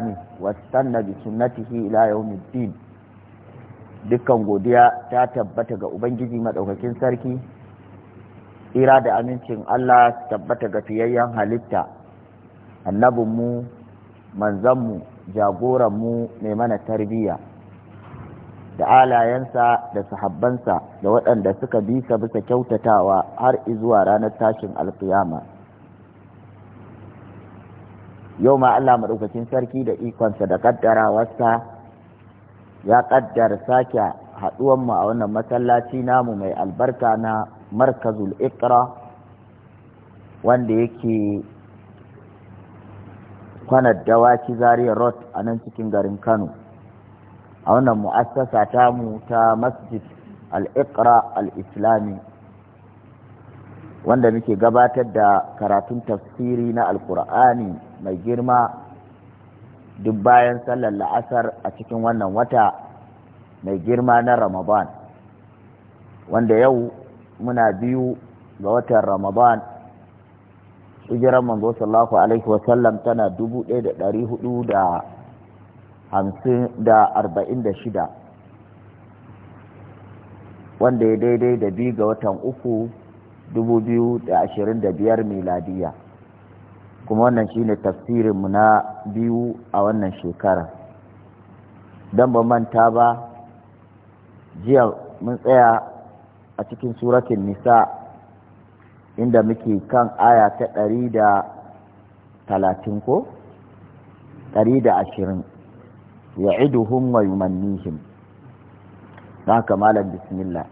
ne wasanna bi sunnatihi ila yawmiddin dukkan godiya ta tabbata ga ubangiji madaukakin sarki ira da amincin Allah tabbata ga fiyayyen halitta mu, manzanmu jagoranmu mai mana tarbiyya da alayensa da sahabbansa da waɗanda suka bisa bisa kyautatawa har izuwa ranar tashin alkiyama yau ma Allah maɗaukakin sarki da ikonsa da kaddarawarsa ya kaddar sake mu a wannan masallaci namu mai albarka na markazul Iqra, wanda yake kwanar dawaki zaria road a nan cikin garin kano a wannan mu'assasa tamu ta masjid al-iqra al-islami wanda muke gabatar da karatun tafsiri na Al-Qur'ani. mai girma duk bayan sallar la'asar a cikin wannan wata mai girma na ramadan wanda yau muna biyu ga watan ramadan hijiran manzo sallallahu alaihi wasallam tana dubu ɗaya da ɗari hudu da hamsin da arba'in da shida wanda ya daidai da biyu ga watan uku dubu biyu da ashirin da biyar miladiya kuma wannan shi ne tafsirinmu na biyu a wannan shekara don ba manta ba jiya mun tsaya a cikin suratun nisa inda muke kan aya ta ɗari da talatin ko ɗari da ashirin ya iduhun wa yumannihim na kamalar bismillah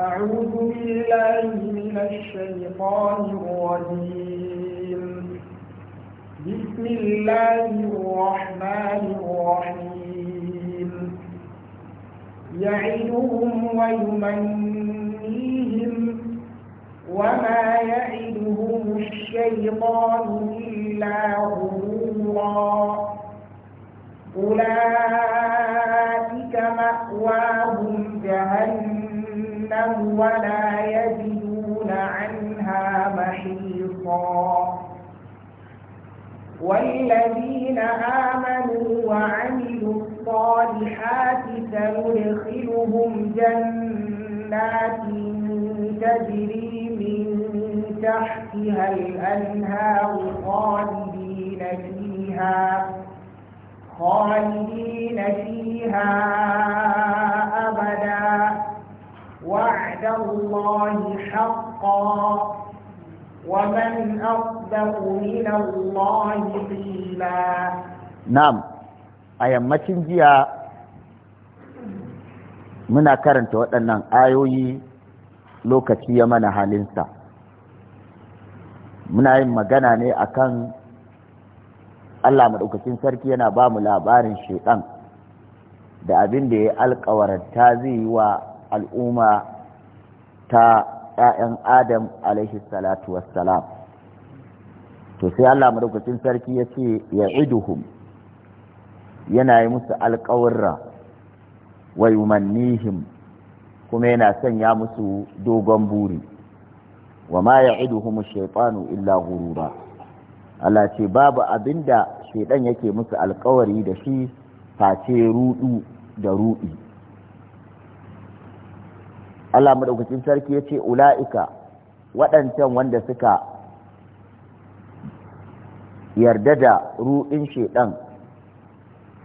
أعوذ بالله من الشيطان الرجيم بسم الله الرحمن الرحيم يعدهم ويمنيهم وما يعدهم الشيطان إلا غرورا أولئك مأواهم جهنم ولا يجدون عنها محيصا والذين آمنوا وعملوا الصالحات سندخلهم جنات تجري من تحتها الأنهار خالدين فيها خالدين فيها أبدا وعد الله حقا ومن أصدق من الله قيلا نعم أي ما جيا muna karanta waɗannan ayoyi lokaci ya mana halinsa muna yin magana ne akan Allah maɗaukacin sarki yana ba mu labarin shaiɗan da abin da ya alkawaranta zai yi wa al'umma ta ‘ya'yan adam alaihi salatu wassalam to sai Allah madaukakin sarki ya ce ya iduhum yana yi musu alƙawarra wa yumannihim kuma yana sanya musu dogon buri wa ma ya iduhum shaitanu illa gurura Allah ce babu abinda shaidan yake musu alƙawari da shi face rudu da rudi Allah madaukakin sarki ya ce ula'ika waɗancan wanda suka yarda da ru'in shaidan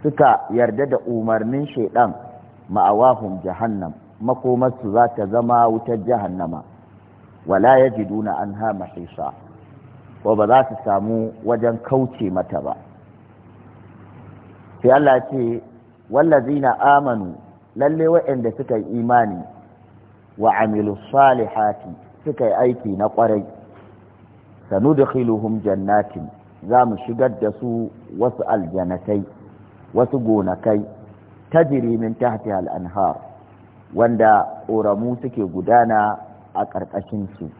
suka yarda da umarnin shaiɗan ma'awahum jahannam makomarsu za ta zama wutar jahannama wala ya jiduna an ha mahisa ko ba za su samu wajen kauce mata ba sai Allah ce wallazina amanu lalle waɗanda suka yi imani wa amilu salihati suka yi aiki na kwarai sanudkhiluhum jannatin za mu shigar da su wasu aljanatai wasu gonakai ta jirimin tahtiha al-anhar wanda ƙoramu suke gudana a ƙarƙashin su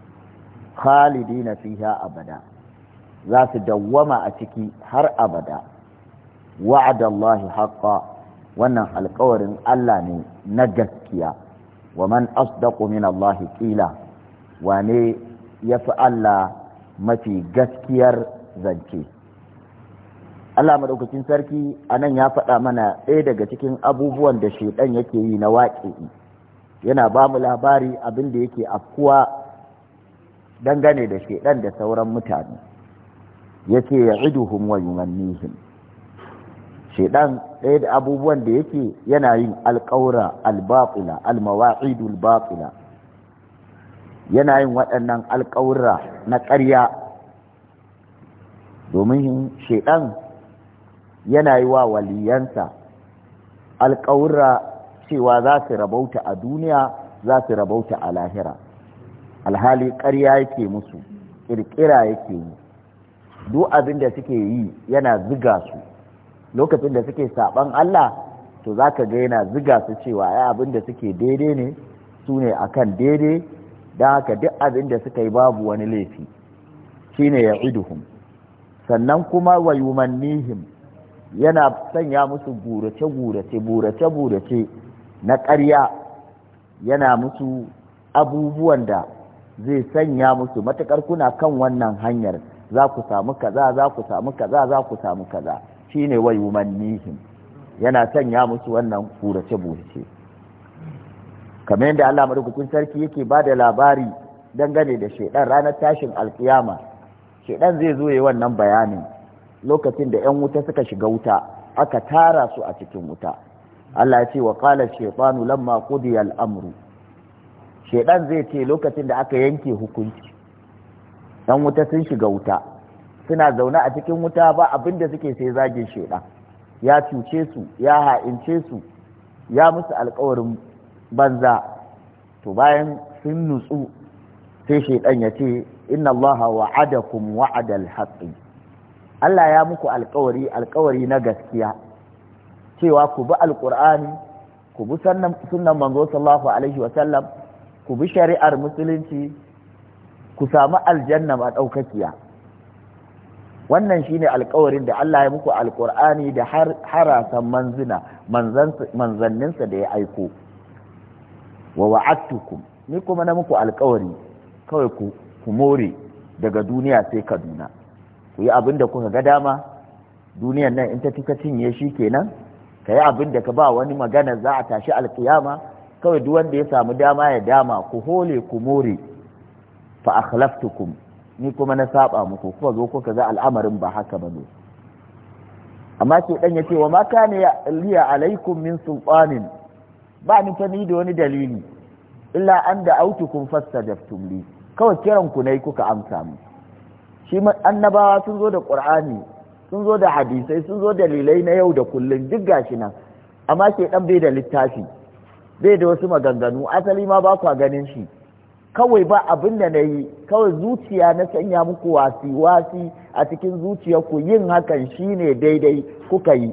khalidina fiha abada za su dawwama a ciki har abada wa'adallahi haqqa wannan alƙawarin Allah ne na gaskiya wa man asdaqu min Allah qila wane yafi Allah mafi gaskiyar zance Allah madaukakin sarki anan ya faɗa mana ɗaya daga cikin abubuwan da shaidan yake yi na waƙe yana ba mu labari abin da yake afkuwa dangane da shaidan da sauran mutane yake ya'iduhum wa yumannihim shedan ɗaya da abubuwan da yake yana yin alƙaura albaƙila almawa'idul baƙila yana yin waɗannan alƙaura na ƙarya domin shedan yana yi wa waliyansa alƙaura cewa za su rabauta a duniya za su rabauta a lahira alhali ƙarya yake musu ƙirƙira yake yi duk abin da suke yi yana ziga su lokacin da suke saɓan Allah to za ka ga yana ziga su cewa ya abin da suke daidai ne su ne a kan daidai don haka duk abin da suka yi babu wani laifi shi ne ya iduhun sannan kuma wa yumannihim yana sanya musu gurace gurace burace-burace na ƙarya yana musu abubuwan da zai sanya musu matuƙar kuna kan wannan hanyar za ku samu kaza za ku samu kaza za ku samu kaza shine wa yumannihim yana sanya musu wannan burace burace kamar yadda Allah madaukakin sarki yake ba da labari dangane da shaidan ranar tashin alkiyama shaidan zai zo yi wannan bayanin lokacin da 'yan wuta suka shiga wuta aka tara su a cikin wuta Allah ya ce wa qala shaytanu lamma qudiya al-amru shaidan zai ce lokacin da aka yanke hukunci Yan wuta sun shiga wuta suna zaune a cikin wuta ba abin da suke sai zagin shaidan ya cuce su ya ha'ince su ya musu alkawarin banza to bayan sun nutsu sai shaidan ya ce inna Allah wa'adakum wa'adal haqqi Allah ya muku alkawari alkawari na gaskiya cewa ku bi alqur'ani ku bi sunnan manzo sallallahu alaihi wa sallam ku bi shari'ar musulunci ku samu aljanna daukakiya wannan shine alkawarin da Allah ya muku alkur'ani da harasan manzina manzanninsa da ya aiko wa wa'attukum ni kuma na muku alkawari kawai ku more daga duniya sai kaduna ku yi abin da kuka ga dama duniyan nan in ta tuka cinye shi kenan ka yi abin da ka ba wani magana za a tashi alkiyama kawai duk wanda ya samu dama ya dama ku hole ku more fa akhlaftukum ni kuma na saba muku kuma zo kuka ga al'amarin ba haka ba ne amma ke dan yace wa ma kana liya alaikum min sultanin ba ni ta ni da wani dalili illa an da autukum fastajabtum li kawai kiran ku nayi kuka amsa mu shi annabawa sun zo da qur'ani sun zo da hadisai sun zo dalilai na yau da kullum duk gashi nan amma ke dan bai da littafi bai da wasu maganganu asali ma ba kwa ganin shi kawai ba abin da na yi kawai zuciya na sanya muku wasi wasi a cikin zuciyarku yin hakan shine daidai kuka yi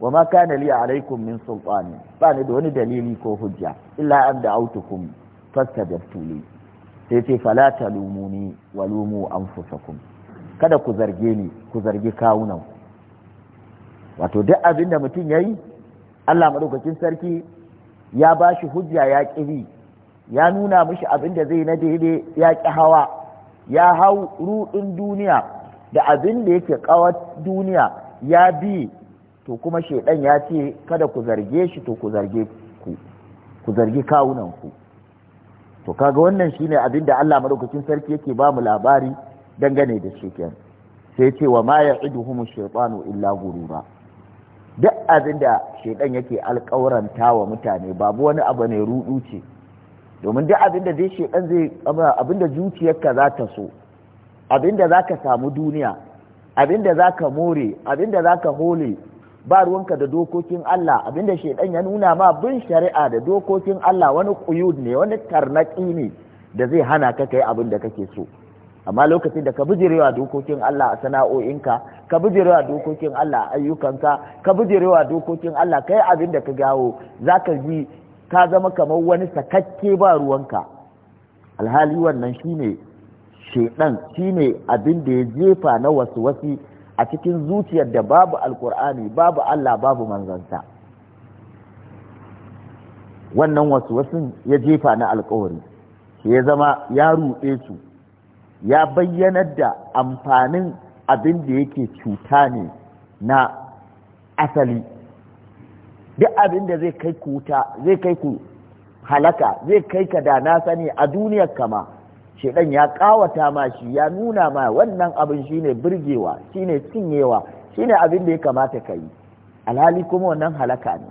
wa ma kana li alaikum min sultani ba ni da wani dalili ko hujja illa an da autukum fastajabtu li sai ce fala talumuni wa lumu anfusakum kada ku zarge ni ku zargi kawunan wato duk abin da mutum yayi Allah madaukakin sarki ya bashi hujja ya kiri ya nuna mishi abin da zai na daidai ya ƙi hawa ya hau ruɗin duniya da abin da yake ƙawar duniya ya bi to kuma shaidan ya ce kada ku zarge shi to ku zarge ku ku zarge kawunan ku to kaga wannan shine abin da Allah madaukakin sarki yake ba mu labari dangane da shi sai ce wa ma ya'iduhum shaytanu illa gurura duk abin da shaidan yake alƙawaranta wa mutane babu wani abu ne ruɗu ce domin duk abinda da zai ɗan zai abin da zuciyarka za ta so abin da za ka samu duniya abin za ka more abin da za ka hole ba ruwanka da dokokin Allah abin da ya nuna ma bin shari'a da dokokin Allah wani kuyud ne wani tarnaƙi ne da zai hana ka kai abin da kake so amma lokacin da ka bijirewa dokokin Allah a sana'o'inka ka bijirewa dokokin Allah a ayyukanka ka bijirewa dokokin Allah kai abin da ka gawo zaka ji ka zama kamar wani sakakke ba ruwanka alhali wannan shine shedan shine abin da ya jefa na wasu wasi a cikin zuciyar da babu alkur'ani babu Allah babu manzanta wannan wasu wasun ya jefa na alkawari ya zama ya ruɗe su ya bayyanar da amfanin abin da yake cuta ne na asali duk abin da zai kai ku wuta zai kai ku halaka zai kai ka da na sani a duniya kama shedan ya kawata ma shi ya nuna ma wannan abin shine burgewa shine cinyewa shine abin da ya kamata ka yi alhali kuma wannan halaka ne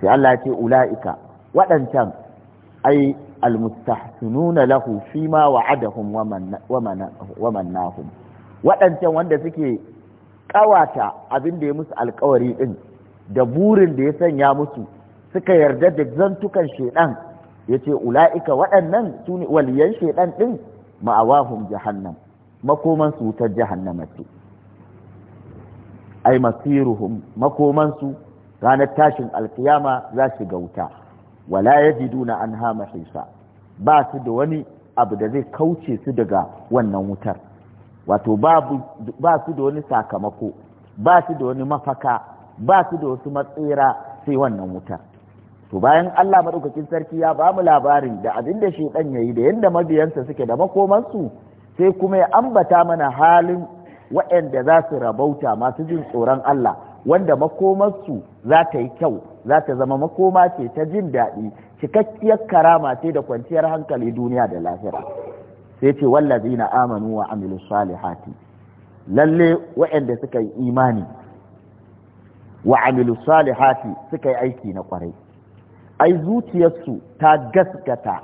sai Allah ya ce ula'ika waɗancan ai almustahsinuna lahu fi ma wa'adahum wa mannahum waɗancan wanda suke kawata abin da ya musu alkawari din da burin da ya sanya musu suka yarda da zantukan shedan yace ula'ika waɗannan su ne waliyan shedan ɗin ma'awahun makoman su wutar jahannan mace. ai masiruhum makoman su ranar tashin alkiyama za su ga wuta wala an hama mahisa ba su da wani abu da zai kauce su daga wannan wutar wato ba su da wani sakamako ba su da wani mafaka ba su da wasu matsira sai wannan wuta to bayan Allah madaukakin sarki ya ba mu labarin da abin da shedan yayi da yanda mabiyansa suke da makomansu sai kuma ya ambata mana halin waɗanda za su rabauta masu jin tsoron Allah wanda makomansu za ta yi kyau za ta zama makoma ce ta jin daɗi cikakkiyar karama ce da kwanciyar hankali duniya da lahira sai ce wallazina amanu wa amilu salihati lalle waɗanda suka yi imani wa amilu salihati suka yi aiki na kwarai ai zuciyarsu ta gaskata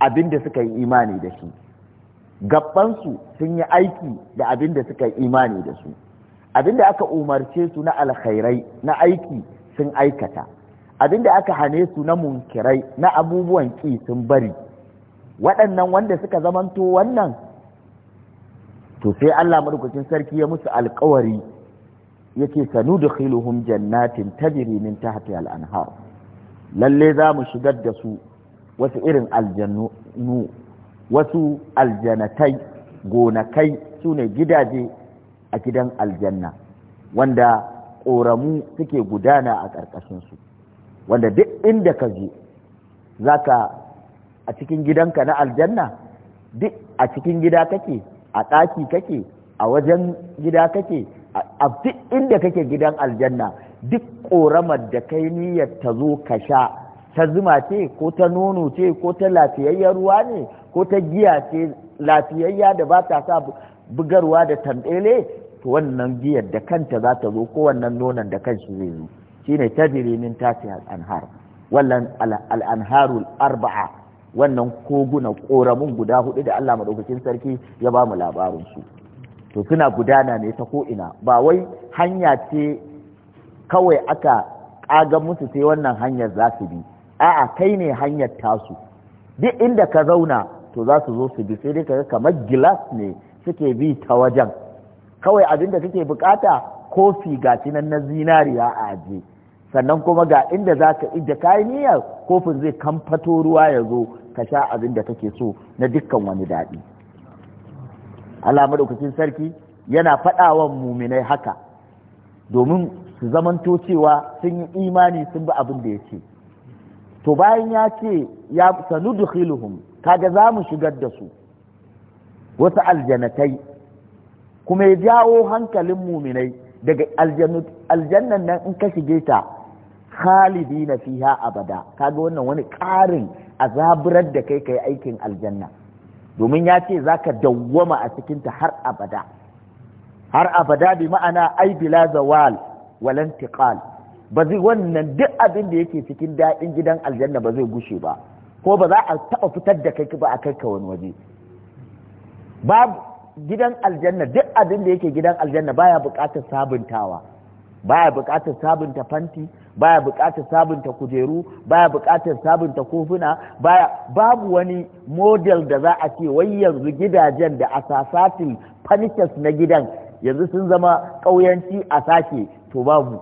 abinda suka yi imani da shi gabansu sun yi aiki da abinda suka yi imani da su abinda aka umarce su na alkhairai na aiki sun aikata abinda aka hane su na munkirai na abubuwan ƙi sun bari waɗannan wanda suka zamanto wannan to sai Allah madaukakin sarki ya musu alkawari yake sanu da sanudkhiluhum jannatin tajri min tahti al-anhar lalle za mu shigar da su wasu irin aljannu wasu aljanatai gonakai sune gidaje a gidan aljanna wanda ƙoramu suke gudana a ƙarƙashinsu wanda duk inda ka je za ka a cikin gidanka na aljanna duk a cikin gida kake a ɗaki kake a wajen gida kake a duk inda kake gidan aljanna duk ƙoramar da kai niyyar ta zo ka sha ta zuma ce ko ta nono ce ko ta lafiyayyar ruwa ne ko ta giya ce lafiyayya da ba ta sa bugarwa da tanɗele to wannan giyar da kanta za ta zo ko wannan nonon da shi zai zo Shi ne ta tati al-anhar wannan al arba'a wannan koguna ƙoramin guda hudu da Allah maɗaukacin sarki ya ba mu labarin su to suna gudana ne ta ko'ina ba wai hanya ce kawai aka ƙaga musu sai wannan hanyar za su bi a'a kai ne hanyar tasu duk inda ka zauna to za su zo su bi sai dai ka kamar gilas ne suke bi ta wajen kawai abin kake bukata kofi ga nan na zinariya a aje sannan kuma ga inda za ka ije kayan niyyar kofin zai kamfato ruwa ya zo ka sha abin da kake so na dukkan wani daɗi Allah madaukakin sarki yana faɗawa muminai haka domin su zamanto cewa sun yi imani sun bi abin da ya ce to bayan ya ce ya sanudkhiluhum kaga za mu shigar da su wasu aljanatai kuma ya jawo hankalin muminai daga aljannan nan in ka shige ta khalidina fiha abada kaga wannan wani ƙarin azaburar da kai kai aikin aljanna domin ya ce za ka dawwama a cikinta har abada har abada bi ma'ana ai bila zawal walan ba zai wannan duk abin da yake cikin daɗin gidan aljanna ba zai gushe ba ko ba za a taɓa fitar da kai ba a kai ka wani waje ba gidan aljanna duk abin da yake gidan aljanna baya buƙatar sabuntawa baya buƙatar sabunta fanti baya bukatar sabunta kujeru baya buƙatar sabunta kofuna baya babu wani model da za a ce wai yanzu gidajen da asasatin furnitures na gidan yanzu sun zama ƙauyanci a sake to babu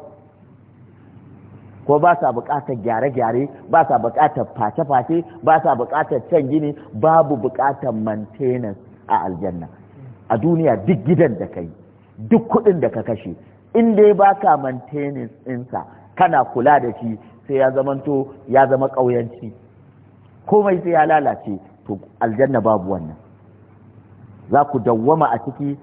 ko ba sa buƙatar gyare-gyare ba sa buƙatar face-face ba sa buƙatar can gini babu bukatar maintenance a aljanna a duniya duk gidan da ka duk kuɗin da ka kashe in dai ba ka maintenance ɗinsa kana kula da shi sai ya zamanto ya zama ƙauyanci komai sai ya lalace to aljanna babu wannan za ku dawwama a ciki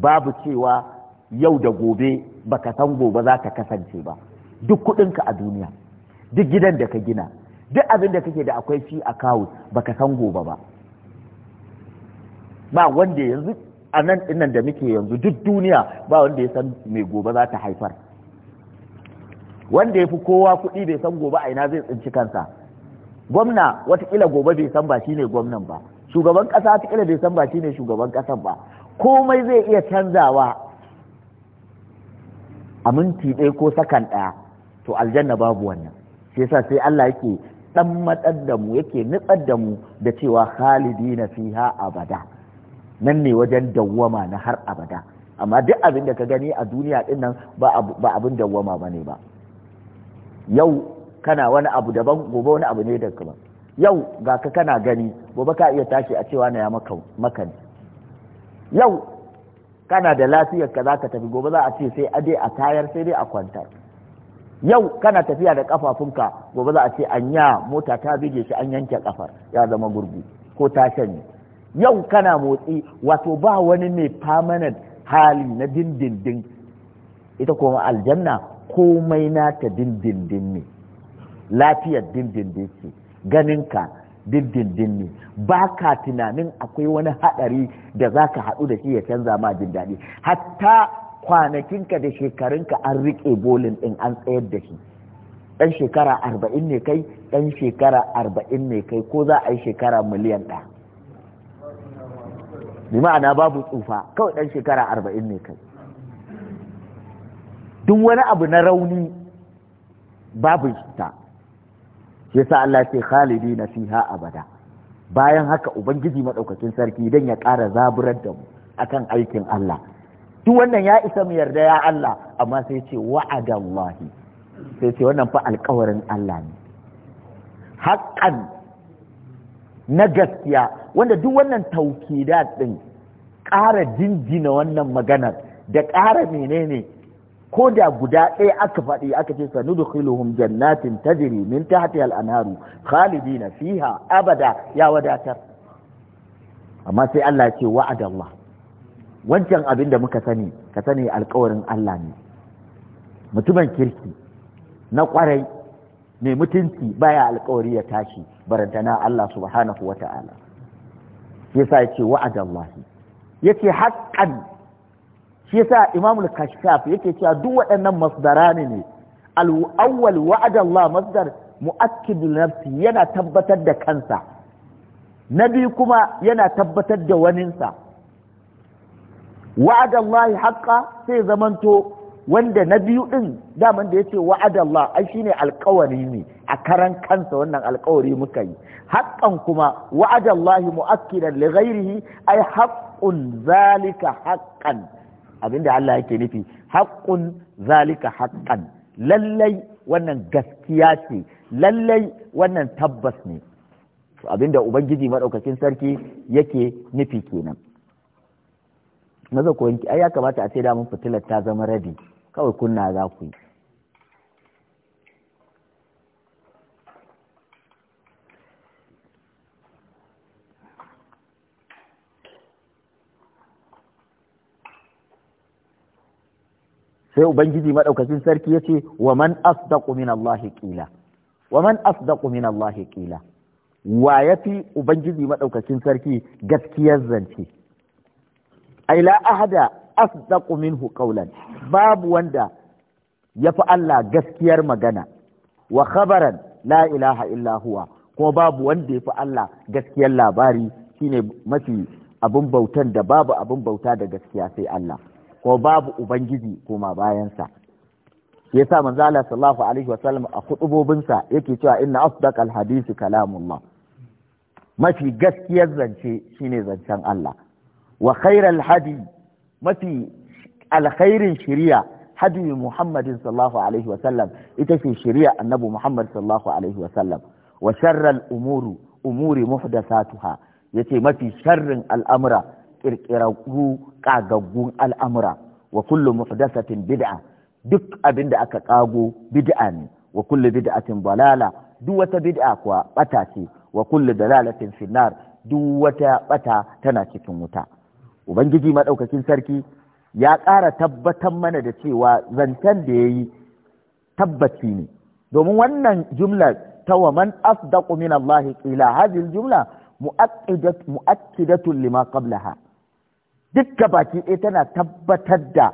babu cewa yau da gobe baka san gobe za ka kasance ba duk kudinka a duniya duk gidan da ka gina duk abin da kake da akwai fi a kawo baka san gobe ba ba wanda yanzu a nan dinnan da muke yanzu duk duniya ba wanda ya san mai gobe za ta haifar wanda ya fi kowa kuɗi bai san gobe a ina zai tsinci kansa gwamna watakila gobe bai san ba shine gwamnan ba shugaban ƙasa watakila bai san ba shine shugaban ƙasan ba komai zai iya canzawa a minti ɗaya ko sakan ɗaya to aljanna babu wannan shi yasa sai Allah yake dan matsar da mu yake nutsar da mu da cewa khalidina fiha abada nan ne wajen dawwama na har abada amma duk abin da ka gani a duniya dinnan nan ba abin dawwama bane ba yau kana wani abu daban gobe wani abu ne da kuma yau ga ka kana gani gobe ka iya tashi a cewa na ya maka ne yau kana da lafiyar ka za ka tafi gobe za a ce sai a a tayar sai dai a kwantar yau kana tafiya da kafafunka gobe za a ce anya mota ta bige shi an yanke kafar ya zama gurgu ko ta shanye yau kana motsi wato ba wani mai permanent hali na dindindin ita kuma aljanna komai nata dindindin ne lafiyar dindindin ce ganinka dindindin ne ba ka tunanin akwai wani haɗari da za ka haɗu da shi ya canza ma jin daɗi hatta kwanakinka da shekarunka an riƙe bolin ɗin an tsayar da shi ɗan shekara arba'in ne kai ɗan shekara arba'in ne kai ko za a yi shekara miliyan ɗaya bi ma'ana babu tsufa kawai ɗan shekara arba'in ne kai duk wani abu na rauni babu ta shi yasa Allah ce khalidi na fiha abada bayan haka ubangiji madaukakin sarki dan ya ƙara zaburar da mu akan aikin Allah duk wannan ya isa mu yarda ya Allah amma sai ce wa'adallahi sai ce wannan fa alƙawarin Allah ne haƙƙan na gaskiya wanda duk wannan taukidat din ƙara jinjina wannan maganar da ƙara menene ko da guda ɗaya aka faɗi aka ce sanudkhiluhum jannatin tajri min tahtiha al-anharu khalidina fiha abada ya wadatar amma sai Allah ya ce wa'ada Allah wancan abin da muka sani ka sani alkawarin Allah ne mutumin kirki na kwarai mai mutunci baya alkawari ya tashi barantana Allah subhanahu wa ta'ala yasa ya ce wa'ada Allah ya ce haƙƙan shi yasa imamul kashkaf yake cewa duk waɗannan masdarani ne al-awwal wa'ada Allah masdar mu'akkid nafsi yana tabbatar da kansa na biyu kuma yana tabbatar da waninsa wa'ada Allah haqqa sai zamanto wanda na biyu din daman da yace wa'ada Allah ai shine alƙawari ne a karan kansa wannan alƙawari muka yi haqqan kuma wa'ada Allah mu'akkidan li ghairihi ai haqqun zalika haqqan Abin da Allah yake nufi haƙƙun zalika haƙƙan, lallai wannan gaskiya ce lallai wannan tabbas ne abinda ubangiji madaukakin sarki yake nufi kenan maza ko yanki ai ya kamata a ce da mun fitilar ta zama rabi kawai kunna za ku yi sai ubangiji madaukakin sarki yace wa man asdaqu min Allah qila wa man asdaqu min qila wa yafi ubangiji madaukakin sarki gaskiyar zance ai la ahada asdaqu minhu qawlan babu wanda yafi Allah gaskiyar magana wa khabaran la ilaha illa huwa kuma babu wanda yafi Allah gaskiyar labari shine mafi abin bautan da babu abin bauta da gaskiya sai Allah ko babu ubangiji koma bayansa ya sa manzo Allah sallallahu alaihi wasallam a khutubobinsa yake cewa inna asdaqal hadisi kalamullah mafi gaskiyar zance shine zancen Allah wa khairal hadi mafi alkhairin shari'a hadi Muhammadin sallallahu alaihi wasallam ita ce shari'a annabi Muhammad sallallahu alaihi wasallam wa sharral umuru umuri muhdathatuha yace mafi sharrin al'amura kirkirarru kagaggun al'amura wa kullu bid'a duk abin da aka kago bid'a ne wa kullu bid'atin balala duk wata bid'a kuwa bata ce wa dalalatin finnar duk wata bata tana cikin wuta ubangiji madaukakin sarki ya ƙara tabbatar mana da cewa zancen da yayi tabbaci ne domin wannan jumlar ta wa man asdaqu min Allah qila hadhihi jumla mu'akkidatun lima qablaha dukka baki ɗaya tana tabbatar da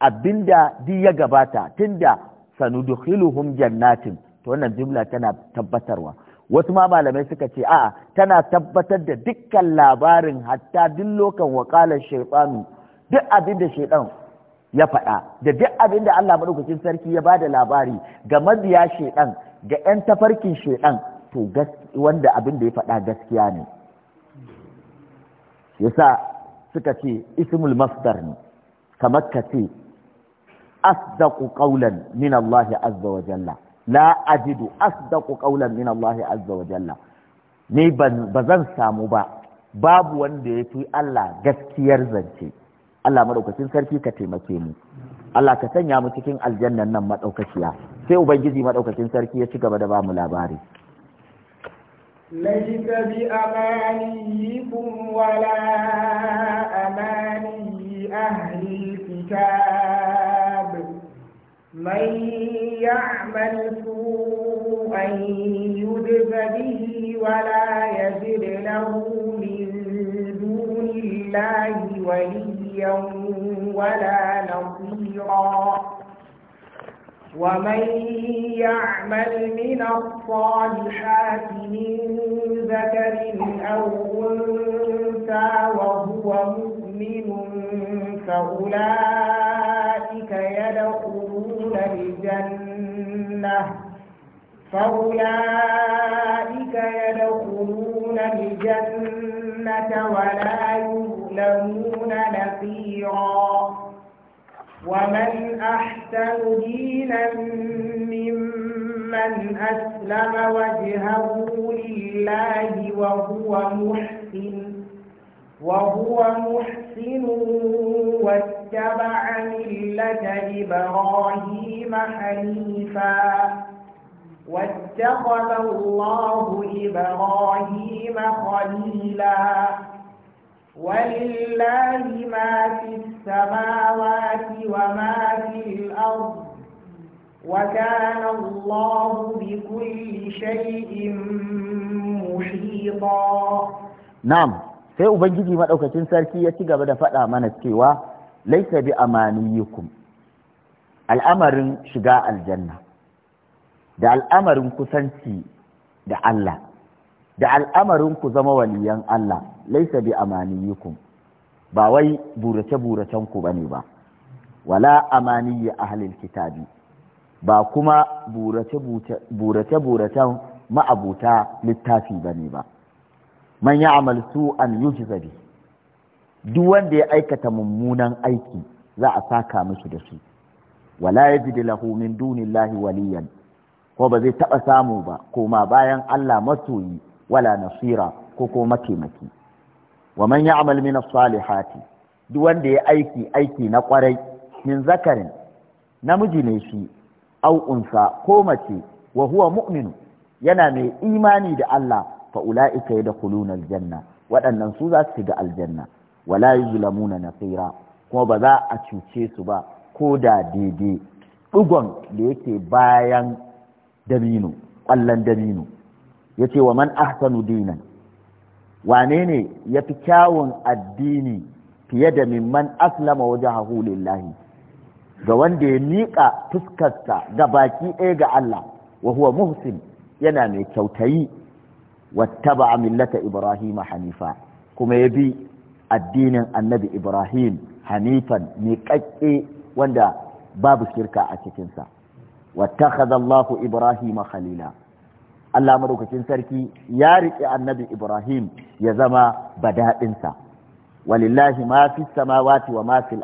abinda duk ya gabata tun da sanudkhiluhum jannatin to wannan jumla tana tabbatarwa wasu ma malamai suka ce a'a tana tabbatar da dukkan labarin hatta duk lokan waqala shaytanu duk abinda shaytan ya faɗa da duk abin da Allah maɗaukacin sarki ya ba da labari ga mabiya shaiɗan ga 'yan tafarkin shaiɗan to wanda abin da ya faɗa gaskiya ne yasa suka ce ismul masdar ne kamar ka ce asdaku qawlan min Allah azza wa jalla la ajidu asdaku qawlan min Allah azza wa jalla ni ba zan samu ba babu wanda ya fi Allah gaskiyar zance Allah madaukakin sarki ka taimake mu Allah ka sanya mu cikin aljannan nan madaukakiya sai ubangiji madaukakin sarki ya ci gaba da ba mu labari ليس بأمانيكم ولا أماني أهل الكتاب من يعمل سوءا يذب به ولا يجد له من دون الله وليا ولا نصيرا ومن يعمل من الصالحات من ذكر أو أنثى وهو مؤمن فأولئك يدخلون الجنة فأولئك يدخلون الجنة ولا يظلمون نقيرا ومن أحسن دينا ممن أسلم وجهه لله وهو محسن وهو محسن واتبع ملة إبراهيم حنيفا واتخذ الله إبراهيم خليلا ولله ما في السماوات وما في الأرض وكان الله بكل شيء محيطا نعم sai ubangiji maɗaukacin sarki ya ci gaba da faɗa mana cewa laisa bi amaniyikum al'amarin shiga aljanna da al'amarin kusanci da Allah da al'amarin ku zama waliyan Allah laisa bi amaniyikum ba wai burace buracen ku bane ba wala amaniyi ahlil kitabi ba kuma burace buracen ma'abuta littafi bane ba man ya'mal an yi zabi. duk wanda ya aikata mummunan aiki za a saka musu da shi wala yajidu lahu min dunillahi waliyan ko ba zai taɓa samu ba koma bayan Allah masoyi wala nasira ko ko mataimaki wa man ya'mal min as-salihati duk wanda ya aiki aiki na kwarai min zakarin namiji ne shi au unsa ko mace wa huwa mu'minu yana mai imani da Allah fa ula'ika yadkhuluna al-janna waɗannan su za su shiga aljanna wala yuzlamuna nasira kuma ba za a cuce su ba ko da daidai ɗigon da yake bayan dabino ƙwallon dabino Ya ce wa man ahsanu dinan wane ne fi kyawun addini fiye da mimman aslama wajahahu lillahi ga wanda ya miƙa fuskarsa ga baki ɗaya ga Allah wa huwa muhsin yana mai kyautayi wattaba millata ibrahim hanifa kuma ya bi addinin annabi ibrahim hanifan miƙaƙƙe wanda babu shirka a cikinsa wattakhadha Allahu ibrahim khalila Allah madaukakin sarki ya riƙe annabi Ibrahim ya zama badaɗinsa walillahi ma fi samawati wa ma fil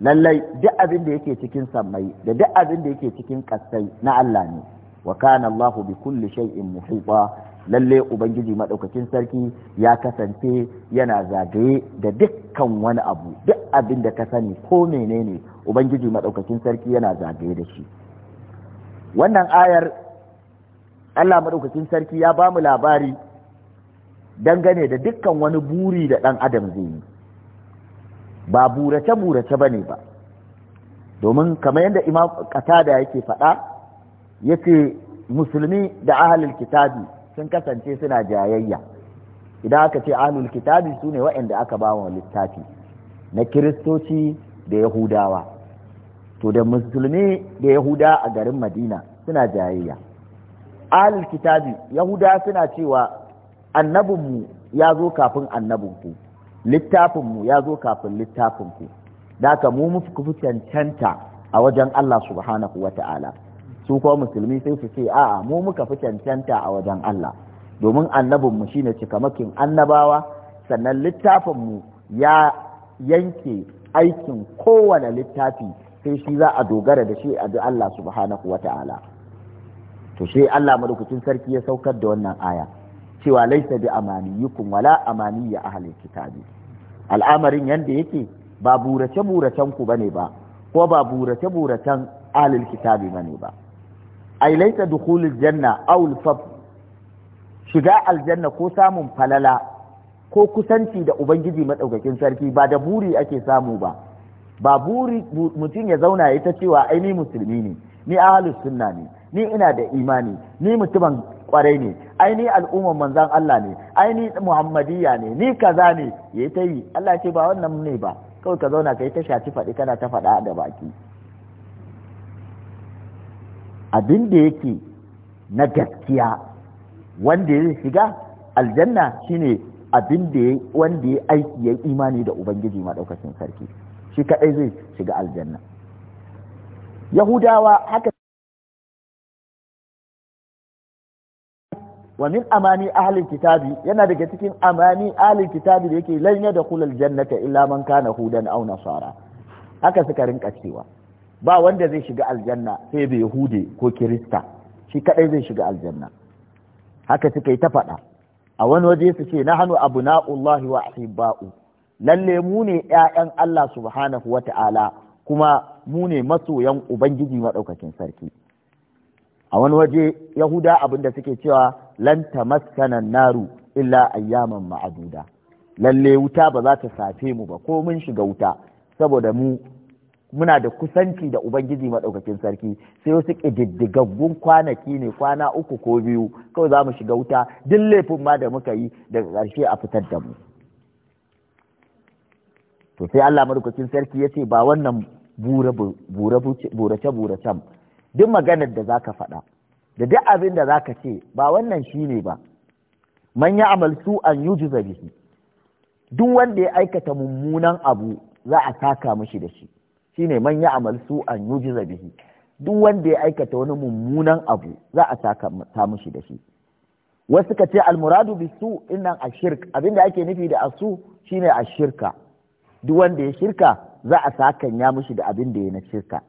lallai duk abin da yake cikin sammai da duk abin da yake cikin kasai na Allah ne wa kana Allah bi kulli shay'in muhita lalle ubangiji madaukakin sarki ya kasance yana zagaye da dukkan wani abu duk abin da ka sani ko menene ubangiji madaukakin sarki yana zagaye da shi wannan ayar Allah madaukakin sarki ya ba mu labari dangane da dukkan wani buri da ɗan adam zai yi ba burace-burace ba ne ba domin kamar yadda imam da yake faɗa yake musulmi da ahalul kitabi sun kasance suna jayayya idan aka ce ahalul kitabi su ne waɗanda aka ba wa littafi na kiristoci da yahudawa to da musulmi da yahuda a garin madina suna jayayya ahlul kitabi yahuda suna cewa annabinmu ya zo kafin annabinku littafinmu ya zo kafin littafinku da daka mu fi cancanta a wajen Allah subhanahu wa ta'ala su kuma musulmi sai su ce a'a mu muka fi cancanta a wajen Allah domin annabinmu shine cikamakin annabawa sannan littafinmu ya yanke aikin kowane littafi sai shi za a dogara da shi a Allah subhanahu wa ta'ala to sai Allah madaukakin sarki ya saukar da wannan aya cewa laisa bi amaniyukum wala amaniya ahli kitabi al'amarin yanda yake ba burace buracen ku bane ba ko ba burace buracen ahli kitabi bane ba ai laisa dukhulul janna aw al shiga aljanna ko samun falala ko kusanci da ubangiji madaukakin sarki ba da buri ake samu ba ba buri mutum ya zauna ya ta cewa ai ni musulmi ne ni Ahalus sunna ne ni ina da imani ni mutumin kwarai ne ai ni al'umman manzan Allah ne ai muhammadiyya ne ni kaza ne ya ta yi Allah ce ba wannan ne ba kawai ka zauna yi ta shafi faɗi kana ta faɗa da baki abin da yake na gaskiya wanda ya shiga aljanna shine abin da ya wanda ya aiki ya imani da ubangiji maɗaukacin sarki shi kaɗai zai shiga aljanna yahudawa haka wa min amani ahlil kitabi yana daga cikin amani ahlil kitabi da yake lan kulal jannata, illa man kana hudan aw nasara haka suka rinka cewa ba wanda zai shiga aljanna sai bai yahude ko kirista shi kadai zai shiga aljanna haka suka yi ta faɗa a wani waje su ce na nahnu abna'ullahi wa ahibba'u lalle mu ne ƴaƴan Allah subhanahu wata'ala kuma mu ne masoyan ubangiji maɗaukakin sarki a wani waje yahuda abin da suke cewa lanta maskanan naru illa ayyaman ma'aduda lalle wuta ba za ta safe mu ba ko mun shiga wuta saboda mu muna da kusanci da ubangiji maɗaukakin sarki sai wasu ƙididdigaggun kwanaki ne kwana uku ko biyu kawai za mu shiga wuta duk laifin ma da muka yi daga ƙarshe a fitar da mu to sai Allah madaukakin sarki ya ce ba wannan burace-buracen duk maganar da za ka faɗa da duk abin da za ka ce ba wannan shi ne ba man ya amal su an yi bihi duk wanda ya aikata mummunan abu za a taka mashi da shi shi ne man ya amal su an yi bihi duk wanda ya aikata wani mummunan abu za a taka mashi da shi wasu ka ce almuradu bi su innan ashirk abin da ake nufi da asu shine ashirka duk wanda ya shirka za a ya mushi da abin da ya na shirka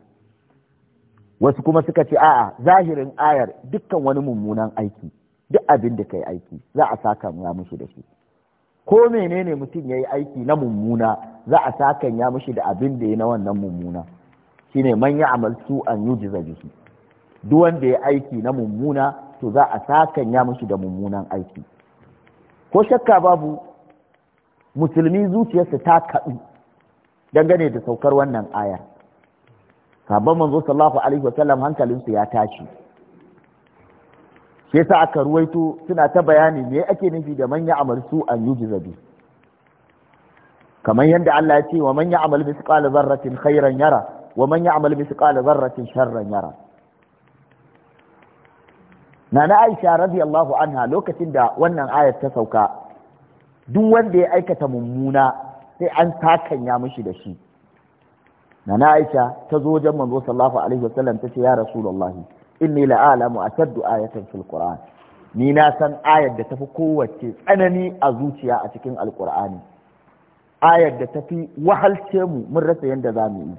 wasu kuma suka ce a'a zahirin ayar dukkan wani mummunan aiki duk abin da kai aiki za a ya mushi da shi ko menene mutum ya yi aiki na mummuna za a ya mushi da abin da ya na wannan mummuna shine man ya amal su an yi bihi duk wanda ya aiki na mummuna to za a ya mushi da mummunan aiki ko shakka babu musulmi zuciyarsa ta kaɗu dangane da saukar wannan aya sabon manzo sallallahu alaihi wasallam hankalinsu ya tashi shi yasa aka ruwaito suna ta bayani me ake nufi da manya amal su an zabi kamar yadda Allah ya ce wa manya amal misqala zarratin khairan yara wa manya amal misqala zarratin sharran yara Nana Aisha radiyallahu anha lokacin da wannan ayar ta sauka duk wanda ya aikata mummuna sai an takanya mishi da shi nana aisha ta zo wajen manzo sallallahu alaihi wasallam ta ce ya rasulullah inni la'alamu ashaddu ayatan fil qur'an ni na san ayar da tafi kowace tsanani a zuciya a cikin alqur'ani ayar da tafi wahalce mu mun rasa yanda za mu yi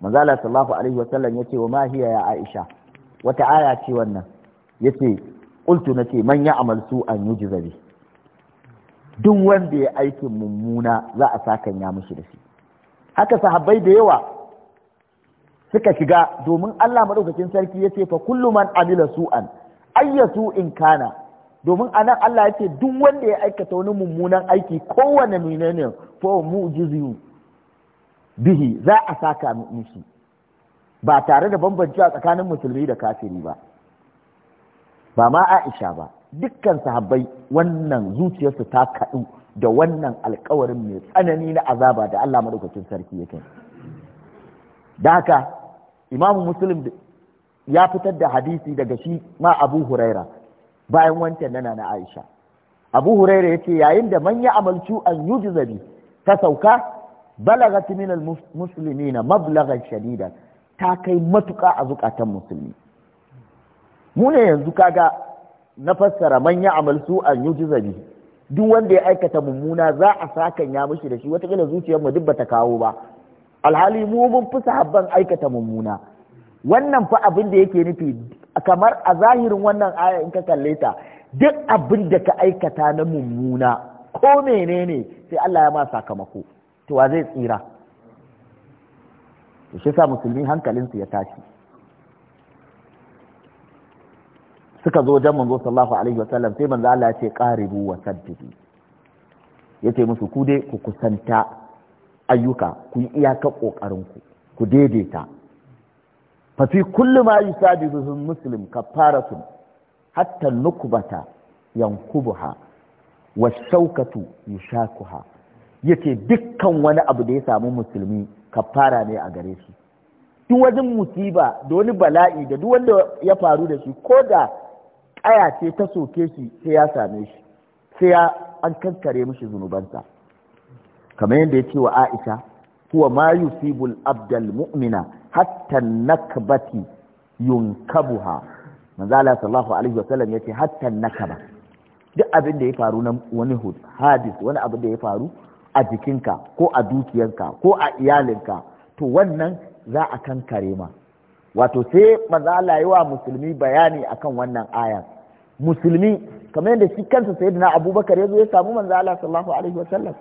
manzo sallallahu alaihi wasallam yace wa ma hiya ya aisha wata aya ce wannan yace qultu nace man ya'mal su'an yujza duk wanda ya aikin mummuna za a ya mushi da shi haka sahabbai da yawa suka shiga domin Allah madaukakin sarki ya ce fa kullu man amila su'an ayyasu in kana domin anan Allah ya ce duk wanda ya aikata wani mummunan aiki kowane menene fa mu'jizu bihi za a saka mushi ba tare da bambanci a tsakanin musulmi da kafiri ba ba ma Aisha ba dukkan sahabbai wannan zuciyarsu ta kaɗu da wannan alkawarin mai tsanani na azaba da Allah madaukakin sarki yake da haka imamu muslim ya fitar da hadisi daga shi ma abu huraira bayan wancan nana na aisha abu huraira ya ce yayin da manyan amalcu an yuji ta sauka balagat min na mablagan shadida ta kai matuƙa a zukatan musulmi mu ne yanzu kaga na fassara man ya amal su an yujza bihi duk wanda ya aikata mummuna za a sakan ya mushi da shi watakila zuciyarmu duk ta kawo ba alhali mu mun fi sahabban aikata mummuna wannan fa abin da yake nufi kamar a zahirin wannan aya in ka kalle ta duk abin da ka aikata na mummuna ko menene sai Allah ya ma sakamako to wa zai tsira shi sa musulmi hankalinsu ya tashi suka zo Jan manzo sallallahu alaihi wa sallam sai manzo Allah ya ce qaribu wa saddidu yace musu ku dai ku kusanta ayyuka ku yi iyaka kokarin ku ku daidaita fa fi kulli ma yusadidu muslim kafaratun hatta nukbata yankubuha wa shaukatu yushakuha yace dukkan wani abu da ya samu musulmi kafara ne a gare shi duk wajen musiba da wani bala'i da duk wanda ya faru da shi ko da ƙaya ce ta soke shi sai ya same shi sai ya an kankare mishi zunubansa kamar yadda ya ce wa Aisha huwa ma yusibul abdal mu'mina hatta nakbati yunkabuha manzo Allah sallallahu alaihi sallam yace hatta nakaba duk abin da ya faru na wani hadis wani abu da ya faru a jikinka ko a dukiyarka ko a iyalinka to wannan za a kankare ma wato sai manzo Allah yi musulmi bayani akan wannan ayan musulmi kamar yadda shi kansa sayyidina abubakar ya zo ya samu manzo Allah sallallahu alaihi wa sallam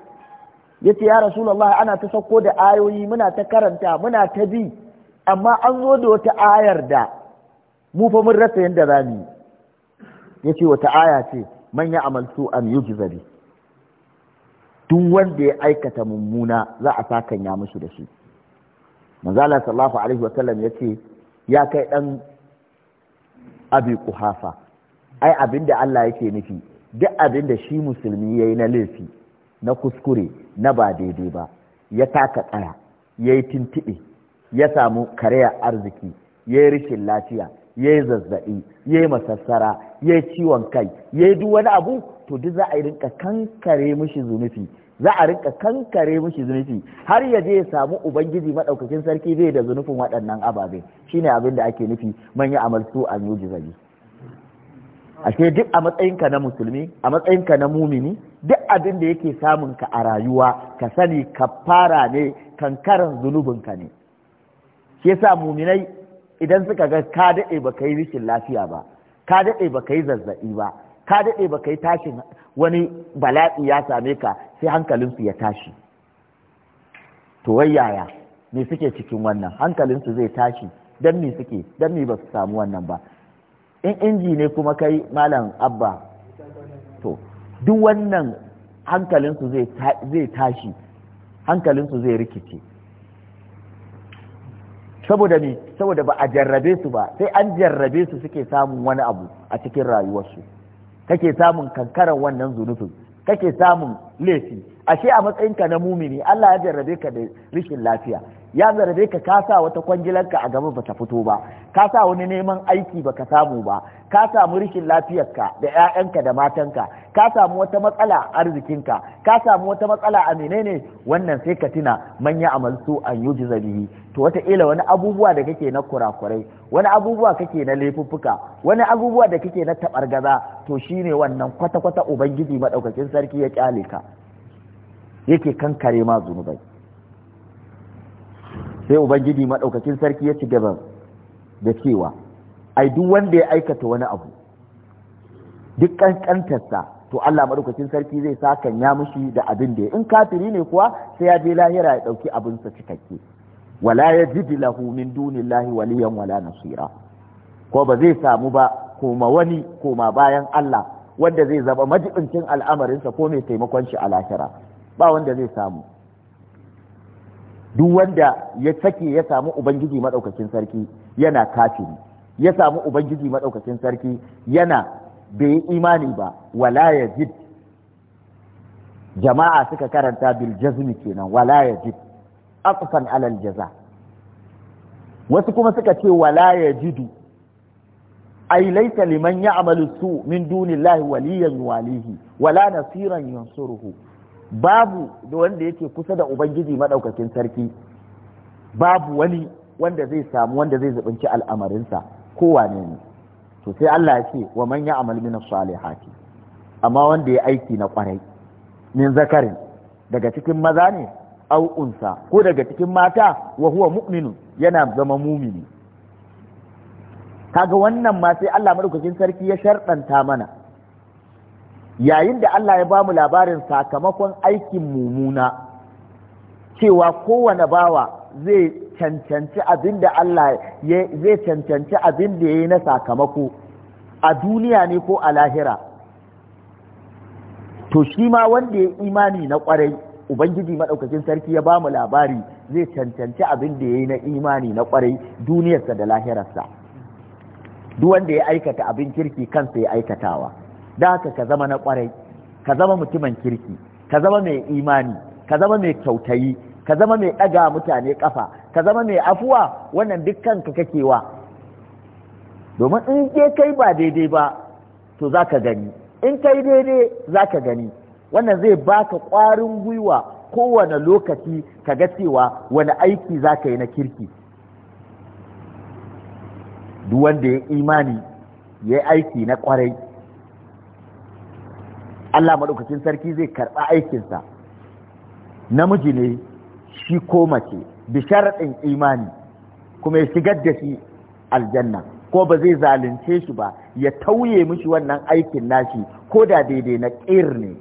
yace ya rasulullahi ana ta sauko da ayoyi muna ta karanta muna ta bi amma an zo da wata ayar da mu fa mun rasa yadda za mu yi yace wata aya ce man ya amal su an yi duk wanda ya aikata mummuna za a ya musu da shi manzo Allah sallallahu alaihi wa sallam yace ya kai dan abi kuhafa ai abin da Allah yake nufi duk abin da shi musulmi yayi na laifi na kuskure na ba daidai ba ya taka tsaya ya yi tintiɓe ya samu karya arziki ya yi rishin lafiya ya yi zazzaɓi ya yi masassara ya yi ciwon kai ya yi duk wani abu to duk za a yi rinka kankare mishi zunufi za a rinka kankare mishi zunufi har ya je ya samu ubangiji madaukakin sarki bai da zunufin waɗannan ababe shine abin da ake nufi man yi amal su an ashe duk a matsayinka na musulmi a matsayinka na mumini duk abin da yake samun ka a rayuwa ka sani ka fara ne kankaran ka ne shi yasa muminai idan suka ga ka daɗe ba yi rashin lafiya ba ka daɗe ba ka yi zazzaɓi ba ka daɗe ba yi tashin wani bala'i ya same ka sai hankalinsu ya tashi to wai yaya me suke cikin wannan hankalinsu zai tashi dan me suke dan me ba su samu wannan ba in inji ne kuma kai malam abba to duk wannan hankalinsu zai tashi hankalinsu zai rikice saboda ne saboda ba a jarrabe su ba sai an jarrabe su suke samun wani abu a cikin rayuwarsu kake samun kankaran wannan zunufin kake samun laifi ashe a matsayinka na mumini Allah ya jarrabe ka da rishin lafiya ya zarabe ka ka wata kwangilarka a gaba bata fito ba Kasa wani neman aiki baka samu ba ka samu rashin lafiyarka da 'ya'yanka da matanka ka samu wata matsala a arzikinka ka samu wata matsala a menene wannan sai ka tuna manya amal su an yi to wata ila wani abubuwa da kake na kurakurai wani abubuwa kake na laifuffuka wani abubuwa da kake na tabargaza to shine wannan kwata-kwata ubangiji madaukakin sarki ya kyale ka yake kankare ma zunubai sai ubangiji madaukakin sarki ya ci gaba da cewa ai duk wanda ya aikata wani abu duk kankantarsa to Allah madaukakin sarki zai saka ya mushi da abin da in kafiri ne kuwa sai ya je lahira ya ɗauki abin sa cikakke wala ji lahu min dunillahi waliyan wala nasira ko ba zai samu ba koma wani koma bayan Allah wanda zai zaba majibincin al'amarinsa ko mai taimakon shi a lahira ba wanda zai samu duk wanda ya sake ya samu ubangiji madaukakin sarki yana kafiri ya samu ubangiji madaukakin sarki yana bai imani ba wala yajid jama'a suka karanta bil jazmi kenan wala yajid atfan alal jaza wasu kuma suka ce wala yajidu ai laita liman ya'malu su min dunillahi waliyan walihi wala nasiran yansuruhu babu da wanda yake kusa da ubangiji madaukakin sarki babu wani wanda zai samu wanda zai zubunci al'amarinsa kowane ne to sai Allah ya ce wa man ya'mal min salihati amma wanda ya aiki na kwarai min zakarin daga cikin maza ne au unsa ko daga cikin mata wa huwa mu'minun yana zama mumini kaga wannan ma sai Allah madaukakin sarki ya sharɗanta mana yayin da Allah ya bamu labarin sakamakon aikin mumuna cewa kowane bawa zai cancanci abin da Allah zai cancanci abin da ya yi na sakamako a duniya ne ko a lahira to shi ma wanda ya imani na kwarai ubangiji maɗaukacin sarki ya bamu labari zai cancanci abin da ya yi na imani na kwarai duniyarsa da lahirarsa duk wanda ya aikata abin kirki kansa ya aikatawa da haka ka zama na kwarai ka zama mutumin kirki ka zama mai imani ka zama mai kyautayi ka zama mai ɗaga mutane ƙafa ka zama mai afuwa wannan dukkan ka kakewa domin in ke kai ba daidai ba to za ka gani in kai daidai za ka gani wannan zai baka ƙwarin gwiwa kowane lokaci ka ga cewa wani aiki za ka yi na kirki duk wanda ya imani ya yi aiki na kwarai. Allah maɗaukakin sarki zai karɓa aikinsa namiji ne shi ko mace bi sharaɗin imani kuma ya shigar da shi aljanna ko ba zai zalunce shi ba ya tauye mishi wannan aikin nashi ko da daidai na ƙir ne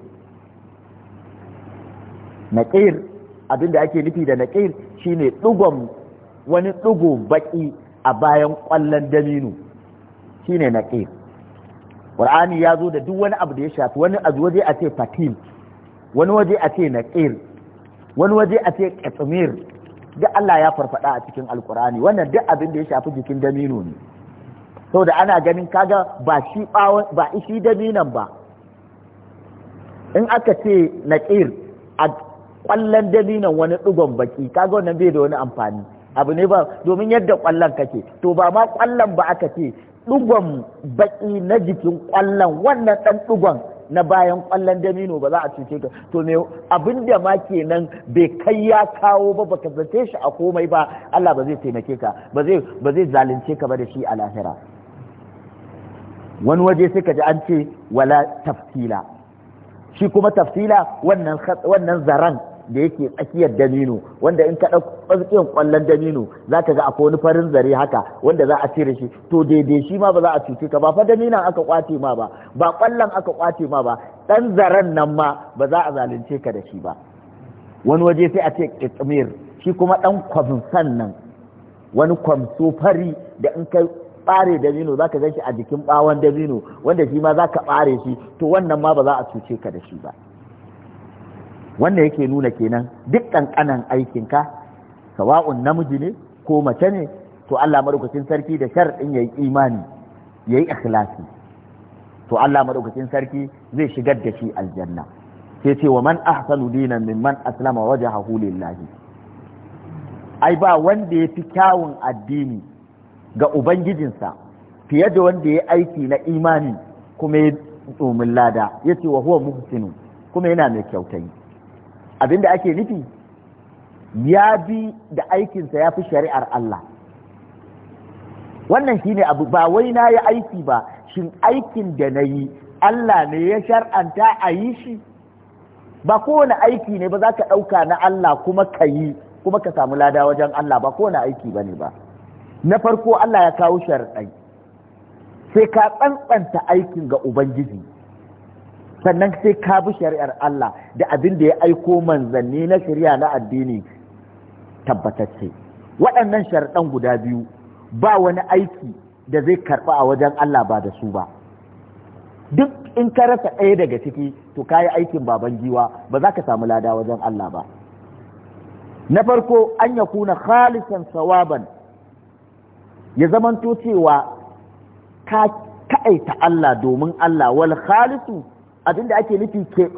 na ƙir abinda ake nufi da na ƙir ne ɗigon wani ɗigo baƙi a bayan ƙwallon daminu shine na ƙir qur'ani ya zo da duk wani abu da ya shafi wani abu waje a ce fatim wani waje a ce naqir wani waje a ce qatmir duk Allah ya farfada a cikin alqur'ani wannan duk abin da ya shafi jikin damino ne saboda ana ganin kaga ba shi ba shi daminan ba in aka ce naqir a kwallon daminan wani digon baki kaga wannan bai da wani amfani abu ne ba domin yadda kwallon kake to ba ma kwallon ba aka ce Ɗugon baƙi na jikin ƙwallon wannan ɗan ɗugon na bayan ƙwallon damino ba za a cuce ka to me abin da ma kenan bai kai ya kawo ba baka zace shi a komai ba Allah ba zai taimake ka ba zai ba zalunce ka ba da shi a lahira wani waje sai ka ji an ce wala tafsila shi kuma tafsila wannan wannan zaran da yake tsakiyar damino wanda in ka ɗauko tsakiyar ƙwallon damino za ka ga akwai wani farin zare haka wanda za a cire shi to daidai shi ma ba za a cuce ka ba fa daminan aka kwace ma ba ba ƙwallon aka kwace ma ba ɗan zaren nan ma ba za a zalunce ka da shi ba wani waje sai a ce ƙitsimir shi kuma ɗan kwamsan nan wani kwamso fari da in kai ɓare za zaka gan shi a jikin bawon damino wanda shi ma za ka ɓare shi to wannan ma ba za a cuce ka da shi ba wanda yake nuna kenan duk ƙanƙanan aikinka sawa'un namiji ne ko mace ne to Allah madaukakin sarki da sharɗin yayi imani yayi ikhlasi to Allah madaukakin sarki zai shigar da shi aljanna sai ce wa man ahsanu dinan mimman aslama wajhahu lillahi ai ba wanda ya fi kyawun addini ga ubangijinsa fiye da wanda ya aiki na imani kuma ya tsomin lada ya ce wa huwa muhsinu kuma yana mai kyautai abinda ake nufi ya bi da aikinsa ya fi shari'ar Allah wannan shine abu ba wai na yi aiki ba shin aikin da na yi Allah ne ya shar'anta a yi shi ba kowane aiki ne ba za ka ɗauka na Allah kuma ka yi kuma ka samu lada wajen Allah ba kowane aiki ba ne ba na farko Allah ya kawo shari'a. sai ka tsantsanta aikin ga Ubangiji sannan sai ka bi shari'ar Allah da abin da ya aiko manzanni na shari'a na addini tabbatacce waɗannan sharɗan guda biyu ba wani aiki da zai karɓa a wajen Allah ba da su ba duk in ka rasa ɗaya daga ciki to ka yi aikin baban giwa ba za ka samu lada wajen Allah ba na farko an ya kuna khalisan sawaban ya zamanto cewa ka ka'aita Allah domin Allah wal khalisu Abin da ake nufi ke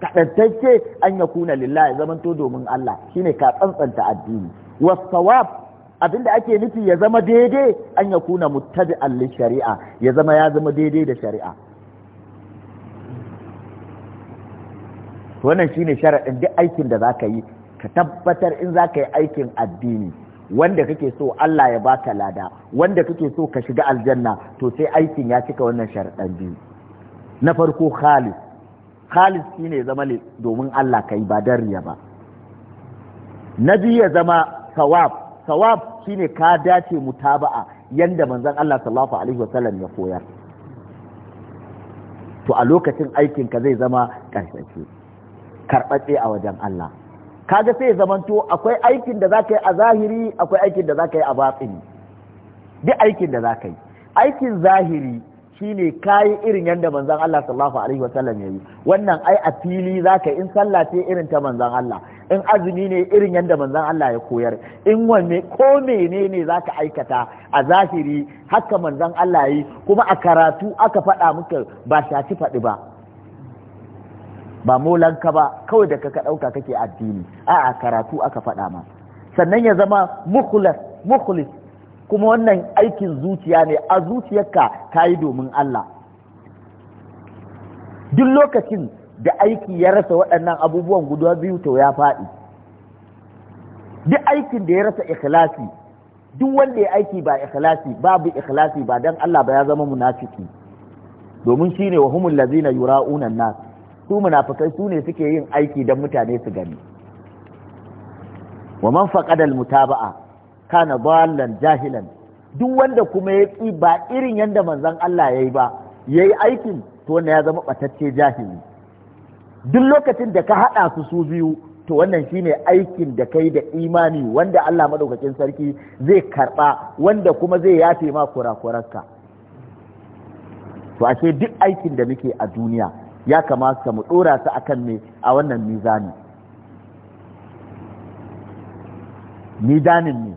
kaɗantacce an ya kuna lillahi zamanto domin Allah shine ka tsantsanta addini wasawab da ake nufi ya zama daidai an ya kuna muttabi'an allin shari'a ya zama ya zama daidai da shari'a wannan shine sharaɗin duk aikin da za ka yi ka tabbatar in za ka yi aikin addini wanda kake so Allah ya baka lada wanda kake so ka shiga aljanna to sai aikin ya cika wannan sharaɗan biyu na farko khalis khalis shine zama domin Allah kai ba dan riya ba na biyu ya zama sawab sawab shine ka dace mutaba'a yanda manzon Allah sallallahu alaihi wasallam ya koyar to a lokacin aikin ka zai zama karfafe karbatse a wajen Allah kaga sai zamanto akwai aikin da zaka yi a zahiri akwai aikin da zaka yi a batsini duk aikin da zaka yi aikin zahiri shine kayi irin yadda manzon Allah sallallahu alaihi wasallam yayi wannan ai a fili zaka in sallah ce irin ta manzon Allah in azumi ne irin yadda manzon Allah ya koyar in wanne ko za ka aikata a zahiri haka manzon Allah yi? kuma a karatu aka faɗa muka ba shaci faɗi ba ba molanka ba kawai da ka ɗauka kake addini a'a karatu aka faɗa ma sannan ya zama mukhlas kuma wannan aikin zuciya ne a zuciyarka ta yi domin Allah duk lokacin da aiki ya rasa waɗannan abubuwan guda biyu to ya faɗi duk aikin da ya rasa ikhlasi duk wanda ya aiki ba ikhlasi babu ikhlasi ba don Allah ba ya zama munafiki domin shi ne wa humul yura unan nas su munafikai su ne suke yin aiki don mutane su gani wa man faqada al mutaba'a kana ballan jahilan duk wanda kuma ya ƙi ba irin yadda manzon Allah ya yi ba ya yi aikin to wannan ya zama batacce jahili duk lokacin da ka haɗa su su biyu to wannan shine aikin da kai da imani wanda Allah maɗaukakin sarki zai karɓa wanda kuma zai yafe ma kurakurarka to ashe duk aikin da muke a duniya ya kamata mu ɗora su akan me a wannan mizani mizanin ne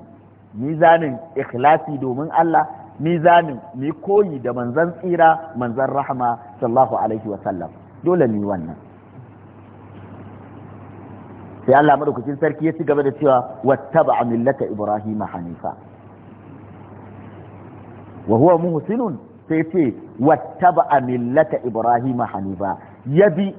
mizanin ikhlasi domin Allah mizanin mi koyi da manzan tsira manzan rahama sallallahu alaihi wa sallam dole ni wannan sai Allah madaukakin sarki ya ci gaba da cewa wattaba millata ibrahima hanifa wa huwa muhsinun sai ce wattaba millata ibrahima hanifa yabi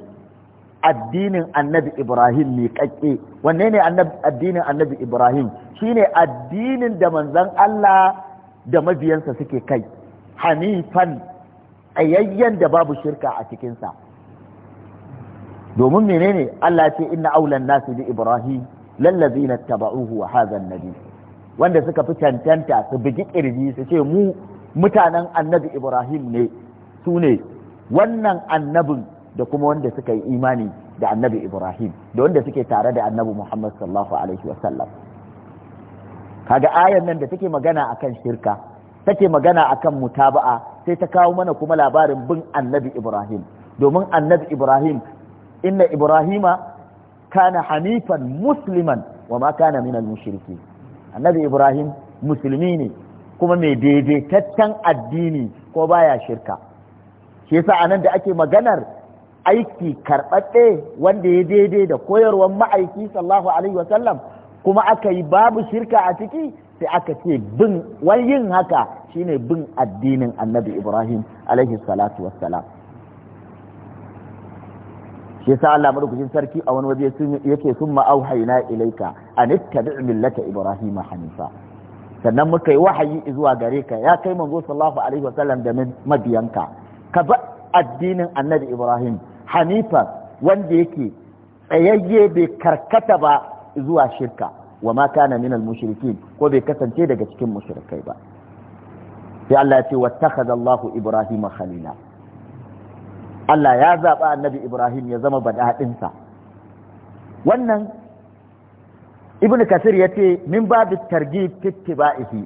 addinin annabi ibrahim miƙaƙƙe wanne ne addinin annabi ibrahim shine addinin da manzan allah da mabiyansa suke kai hanifan tsayayyen da babu shirka a cikinsa domin menene allah ce inna aulan nasu bi ibrahim na taba'uhu wa hadha nabi wanda suka fi cancanta su bigi kirji su ce mu mutanen annabi ibrahim ne su ne wannan annabin da kuma wanda suka yi imani da annabi ibrahim da wanda suke tare da annabi muhammad sallallahu alaihi wasallam kaga ayan nan da take magana akan shirka take magana akan mutaba'a sai ta kawo mana kuma labarin bin annabi ibrahim domin annabi ibrahim inna ibrahima kana hanifan musliman wa ma kana minal mushriki annabi ibrahim musulmi ne kuma mai daidaitaccen addini ko baya shirka shi yasa anan da ake maganar aiki karɓaɗe wanda ya daidai da koyarwar ma'aiki sallahu alaihi wasallam kuma aka yi babu shirka a ciki sai aka ce bin yin haka shine bin addinin annabi ibrahim alaihi salatu wassalam shi sa Allah madaukakin sarki a wani waje yake sun ma'auhaina ilaika an ittabi' millata ibrahim hanifa sannan muka yi wahayi zuwa gare ka ya kai manzo sallallahu alaihi wasallam da mabiyanka ka ba addinin annabi ibrahim hanifa wanda yake tsayayye bai karkata ba zuwa shirka wa ma kana min al ko bai kasance daga cikin mushrikai ba sai Allah ya ce wattakhadha Allahu Ibrahima khalila Allah ya zaba annabi Ibrahim ya zama badadin sa wannan ibnu kasir yace min babu targhib tittiba'ihi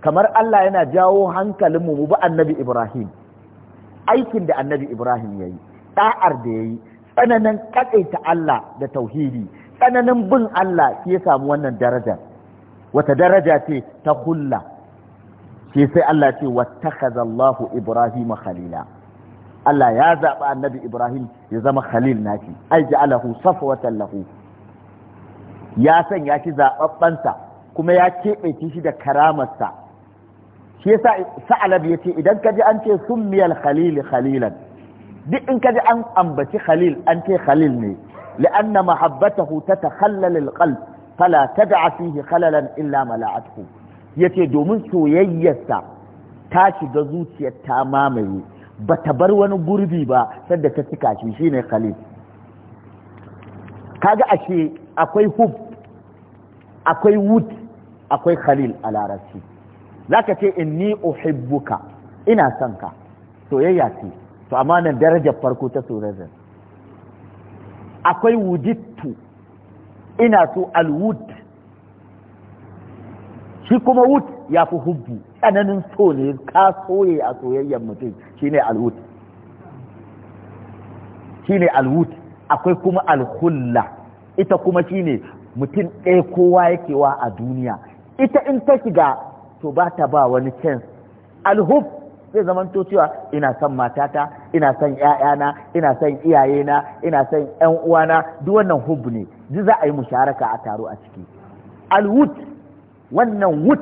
kamar Allah yana jawo hankalinmu mu bi annabi Ibrahim aikin da annabi Ibrahim yayi da'ar da yi. tsananin katsaita Allah da tauhidi tsananin bin Allah shi ya samu wannan daraja wata daraja ce ta hulla shi sai Allah ce wata Allahu Ibrahim khalila Allah ya zaɓa annabi Ibrahim ya zama khalil naki ai ja'alahu safwatan lahu ya ya ci zaɓaɓɓansa kuma ya keɓe shi da karamarsa shi sa sa'alab ya ce idan ka ji an ce summiyal khalil khalilan duk in ji an ambaci khalil an ce khalil ne li'anna mahabbatahu tatakhallal alqalb fala da fihi khalalan illa mala'athu yace domin soyayyarsa ta shiga zuciyar ta mamaye bata bar wani gurbi ba sadda ta cika shi shine khalil kaga ashe akwai hub akwai wud akwai khalil a larabci zaka ce inni uhibbuka ina son ka soyayya ce to amma nan darajar farko ta surazin akwai wujittu ina so alwud shi kuma wud ya fi hubbu tsananin so ne ka soye a soyayyar mutum shine alwud shine alwud akwai kuma alhulla ita kuma shine mutum ɗaya kowa yake wa a duniya ita in ta shiga to ba ta ba wani chance alhub zai zamanto cewa ina son matata ina son ‘ya'yana ina son iyayena ina son ‘yan uwana duk wannan hubbu ne duk za a yi musharaka a taro a ciki alwut wannan wut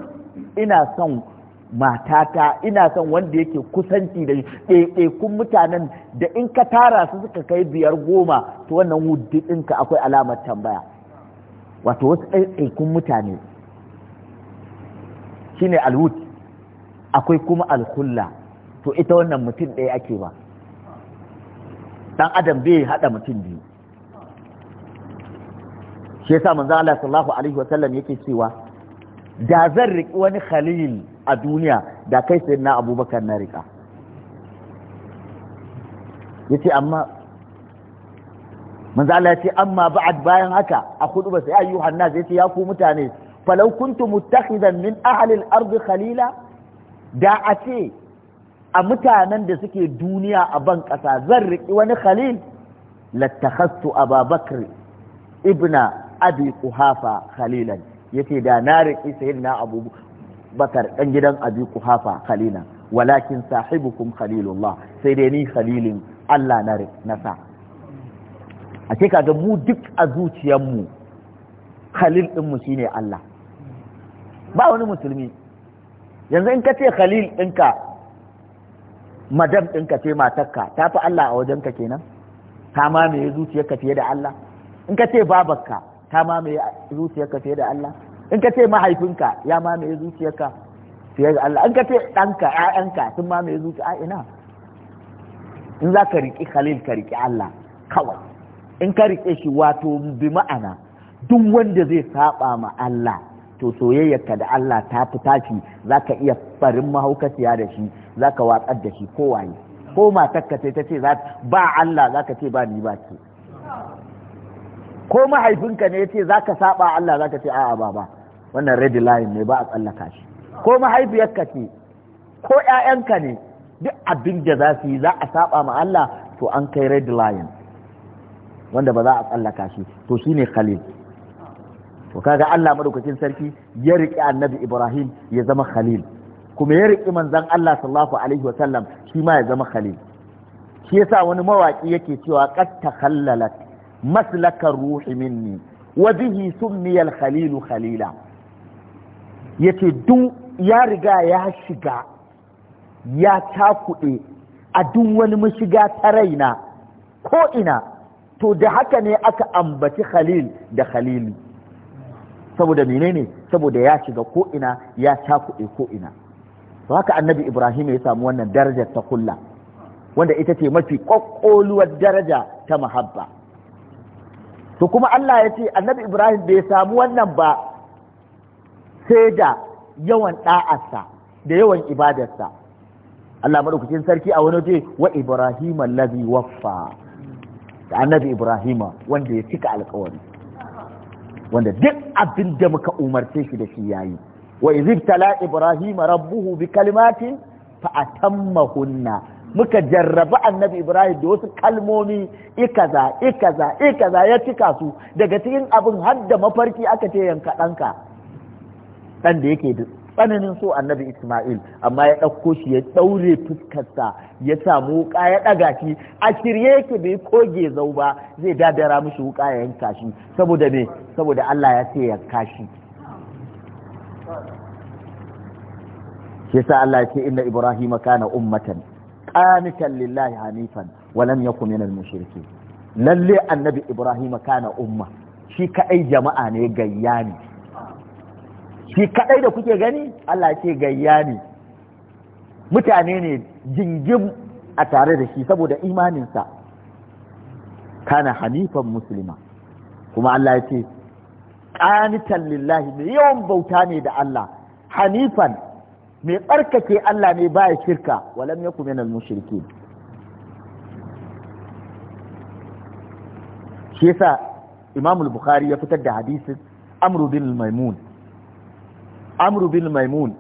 ina son matata ina son wanda yake kusanci da ɗaiɗaikun mutanen da in ka tara su suka kai biyar goma to wannan wut ɗinka akwai alamar tambaya wato wasu ɗaiɗaikun mutane shine alwut akwai kuma alkulla to ita wannan mutum ɗaya ake ba dan adam bai haɗa mutum biyu shi yasa manzo Allah sallallahu alaihi wa sallam yake cewa da zan riƙi wani khalil a duniya da kai sai na abubakar na rika, yace amma manzo Allah yace amma ba'ad bayan haka a hudu ba sai ayyuhan nas yace ya ku mutane falau kuntum muttakhidan min ahli al-ard khalila da a ce a mutanen da suke duniya a ban ƙasa zan riƙi wani khalil lattakhastu ababakar ibna abi kuhafa khalilan yace da na riƙi sayyidina abu bakar ɗan gidan abi kuhafa khalilan walakin sahibukum khalilullah sai dai ni khalilin Allah na nasa a ce kaga mu duk a zuciyarmu khalil ɗinmu shine Allah ba wani musulmi yanzu in ka ce khalil ɗinka madam ɗinka ce matarka ta fi Allah a wajenka kenan ta mamaye zuciyarka fiye da Allah in ka ce babarka ta mamaye zuciyarka fiye da Allah in ka ce mahaifinka ya mamaye zuciyarka fiye da Allah in ka ce ɗanka ƴaƴanka sun mamaye zuciya a ina in za ka riƙi khalil ka riƙi Allah kawai in ka riƙe shi wato bi ma'ana duk wanda zai saba ma Allah to soyayyarka da Allah ta fi tashi za ka iya farin mahaukaciya da shi za ka watsar da shi ko waye ko matarka ce ta ce ba Allah za ka ce ba ni ba ce ko mahaifinka ne ya ce za ka saba Allah za ka ce a'a ba ba wannan red line ne ba a tsallaka shi ko mahaifiyarka ce ko ƴaƴanka ne duk abin da za su yi za a saba ma Allah to an kai red line wanda ba za a tsallaka shi to shine khalil to kaga Allah madaukakin sarki ya riƙe annabi Ibrahim ya zama khalil kuma ya riƙe manzon Allah sallallahu alaihi sallam shi ma ya zama khalil shi yasa wani mawaki yake cewa qad takhallalat maslaka ruhi minni wa bihi summiya al-khalil khalila yace duk ya riga ya shiga ya cakuɗe a duk wani mashiga ta raina ko ina to da haka ne aka ambaci khalil da khalili saboda menene saboda ya shiga ko'ina ya cakuɗe ko ina to haka annabi ibrahim ya samu wannan darajar ta kulla wanda ita ce mafi ƙwaƙƙoluwar daraja ta mahabba to kuma Allah ya ce annabi ibrahim bai samu wannan ba sai da yawan ɗa'arsa da yawan ibadarsa Allah madaukakin sarki a wani waje wa ibrahim allazi waffa da annabi ibrahima wanda ya cika alƙawari wanda duk abin da muka umarce shi da shi yayi wa izibtala ibrahim rabbuhu bi kalimatin fa atammahunna muka jarraba annabi ibrahim da wasu kalmomi ikaza ikaza ikaza ya cika su daga cikin abin har da mafarki aka ce yanka danka. dan da yake tsananin so annabi Ismail amma ya ɗauko shi ya ɗaure fuskarsa ya samu wuƙa ya ɗaga shi a shirye yake bai koge zau ba zai dadara mishi wuƙa ya yanka shi saboda me saboda Allah ya ce ya kashi yasa Allah ya ce inna Ibrahim kana ummatan qanitan lillahi hanifan wa lam yakun minal mushrikeen lalle annabi Ibrahim kana umma shi kaɗai jama'a ne gayyani shi kadai da kuke gani Allah ce gayya ne mutane ne jingim a tare da shi saboda imaninsa kana hanifan musulma kuma Allah ya ce qanitan lillahi mai yawan bauta ne da Allah hanifan mai tsarkake Allah ne baya shirka walam yakum minal mushrikin shi yasa Imam al-Bukhari ya fitar da hadisin amru bin Maimun amru bin maimun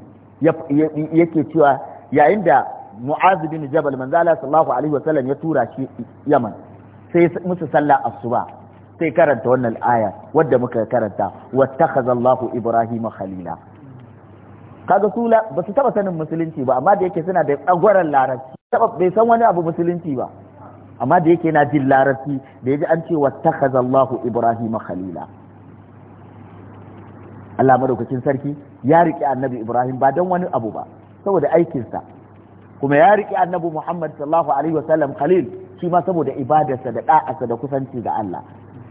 yake cewa yayin da mu'az bin jabal manzo Allah sallallahu alaihi wasallam ya tura shi yaman sai musu sallah asuba sai karanta wannan aya wadda muka karanta wattakhadha Allahu Ibrahima khalila kaga sula ba su taba sanin musulunci ba amma da yake suna da tsagwaran larabci bai san wani abu musulunci ba amma da yake na jin larabci da yaji an ce wattakhadha Allahu Ibrahima khalila Allah madaukakin sarki ya riƙe annabi Ibrahim ba don wani abu ba saboda aikinsa kuma ya riƙe annabi Muhammad sallallahu alaihi wasallam Khalil shi ma saboda ibadarsa da da'arsa da kusanci ga Allah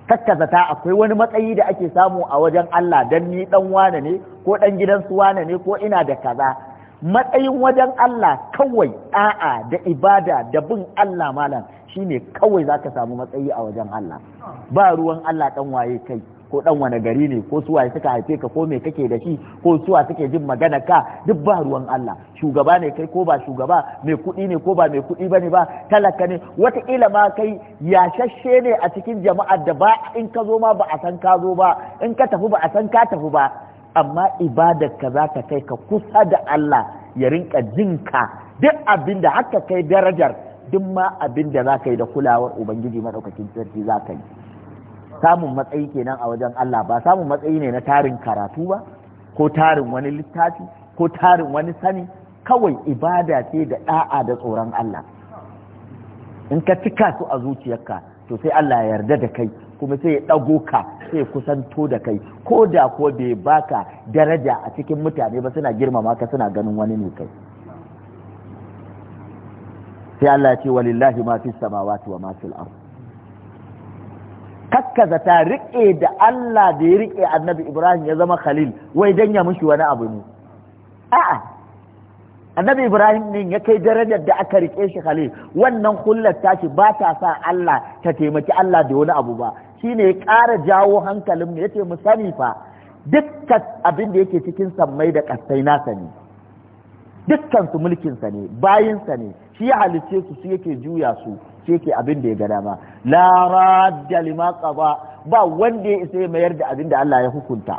kakkaza ta akwai wani matsayi da ake samu a wajen Allah dan ni dan wane ne ko dan gidan su wane ne ko ina da kaza matsayin wajen Allah kawai da'a da ibada da bin Allah malam shine kawai zaka samu matsayi a wajen Allah ba ruwan Allah dan waye kai ko dan wani gari ne ko suwaye suka haife ka ko me kake da shi ko suwa suke jin magana ka duk ba ruwan Allah shugaba ne kai ko ba shugaba mai kuɗi ne ko ba mai kuɗi bane ba talaka ne wataƙila ma kai yashashe ne a cikin jama'ar da ba in ka zo ma ba a san ka zo ba in ka tafi ba a san ka tafi ba amma ibadar ka za ta kai ka kusa da Allah ya rinka jinka duk abin da haka kai darajar duk ma abin da za ka yi da kulawar ubangiji maɗaukakin sarki za ka yi samun matsayi kenan a wajen Allah ba samun matsayi ne na tarin karatu ba ko tarin wani littafi ko tarin wani sani kawai ibada ce da da'a da tsoron Allah in ka cika su a zuciyarka to sai Allah ya yarda da kai kuma sai ya ɗago ka sai ya kusanto da kai ko da ko bai baka daraja a cikin mutane ba suna girmama ka suna ganin wani ne kai sai Allah ya ce walillahi ma fi samawati wa ma fil ardh kakkaza ta riƙe da Allah da ya riƙe annabi Ibrahim ya zama khalil wai ya mushi wani abu ne a'a annabi Ibrahim ne ya kai darajar da aka riƙe shi khalil wannan hullar tashi ba ta sa Allah ta taimaki Allah da wani abu ba Shi ne ya ƙara jawo hankalin mu yace mu sani fa dukkan abin da yake cikin sammai da kasai nasa ne dukkan su mulkin sa ne bayin ne shi ya halicce su su yake juya su shi ke abin da ya ga dama la radda lima qada ba wanda ya isa mayar da abin da Allah ya hukunta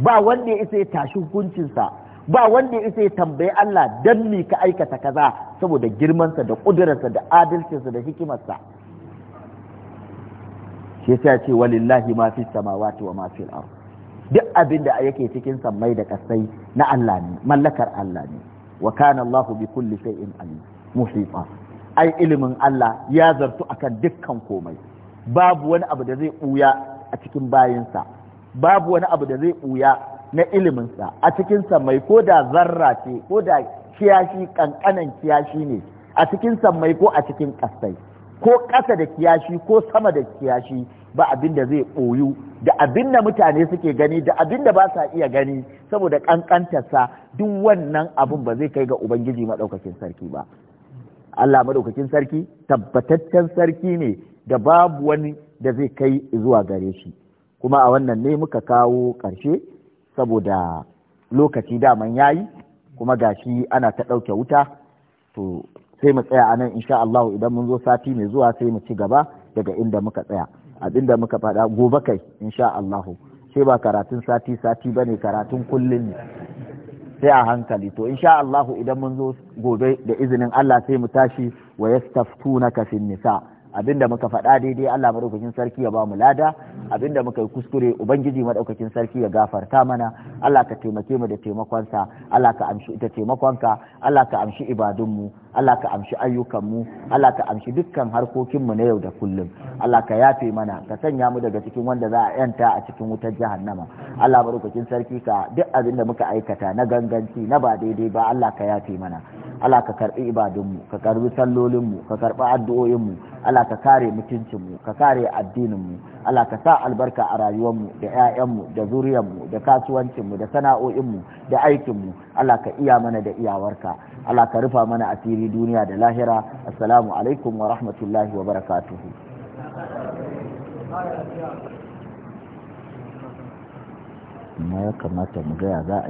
ba wanda ya isa ya tashi hukuncinsa ba wanda ya isa ya tambayi Allah dan me ka aikata kaza saboda girmansa da sa da adalcinsa da hikimarsa shi yasa ya ce walillahi ma fi samawati wa ma al ard duk abin da yake cikin sammai da kasai na Allah ne mallakar Allah ne wa kana Allah bi kulli shay'in alim muhita ai ilimin Allah ya zartu akan dukkan komai babu wani abu da zai ɓuya a cikin bayinsa babu wani abu da zai ɓuya na iliminsa a cikinsa mai ko da zarra ce ko da kiyashi ƙanƙanan kiyashi ne a cikin mai ko a cikin ƙasai ko ƙasa da kiyashi ko sama da kiyashi ba abin da zai ɓoyu da abin da mutane suke gani da abin da ba sa iya gani saboda ƙanƙantarsa duk wannan abin ba zai kai ga ubangiji maɗaukakin sarki ba Allah madaukakin sarki tabbataccen sarki ne da babu wani da zai kai zuwa gare shi kuma a wannan ne muka kawo ƙarshe saboda lokaci daman yayi kuma gashi ana ta ɗauke wuta to sai mu tsaya anan insha Allah idan mun zo sati mai zuwa sai mu ci gaba daga inda muka tsaya inda muka faɗa gobe kai insha Allah sai ba karatun sati sati bane karatun kullun ne sai a hankali to insha Allah idan mun zo gobe da izinin Allah sai mu tashi wa na fin nisa' abinda muka faɗa daidai Allah madaukakin sarki ya ba mu lada abinda muka yi kuskure ubangiji madaukakin sarki ya gafarta mana Allah ka taimake mu da taimakonsa Allah ka amshi ita ka, Allah ka amshi ibadunmu Allah ka amshi mu, Allah ka amshi dukkan harkokinmu na yau da kullum Allah ka yafe mana ka sanya mu daga cikin wanda za a yanta a cikin wutar jahannama Allah madaukakin sarki ka duk abin da muka aikata na ganganci na ba daidai ba Allah ka yafe mana Allah ka karbi ibadunmu ka karbi sallolinmu ka karbi addu'o'inmu Allah Allah ka kare mutuncinmu ka kare addininmu Allah ka sa albarka a rayuwarmu da 'ya'yanmu da zuriyarmu da kasuwancinmu da sana'o'inmu da aikinmu Allah ka iya mana da iyawarka Allah ka rufa mana asiri duniya da lahira assalamu alaikum wa rahmatullahi wa barakatuhu mu gaya za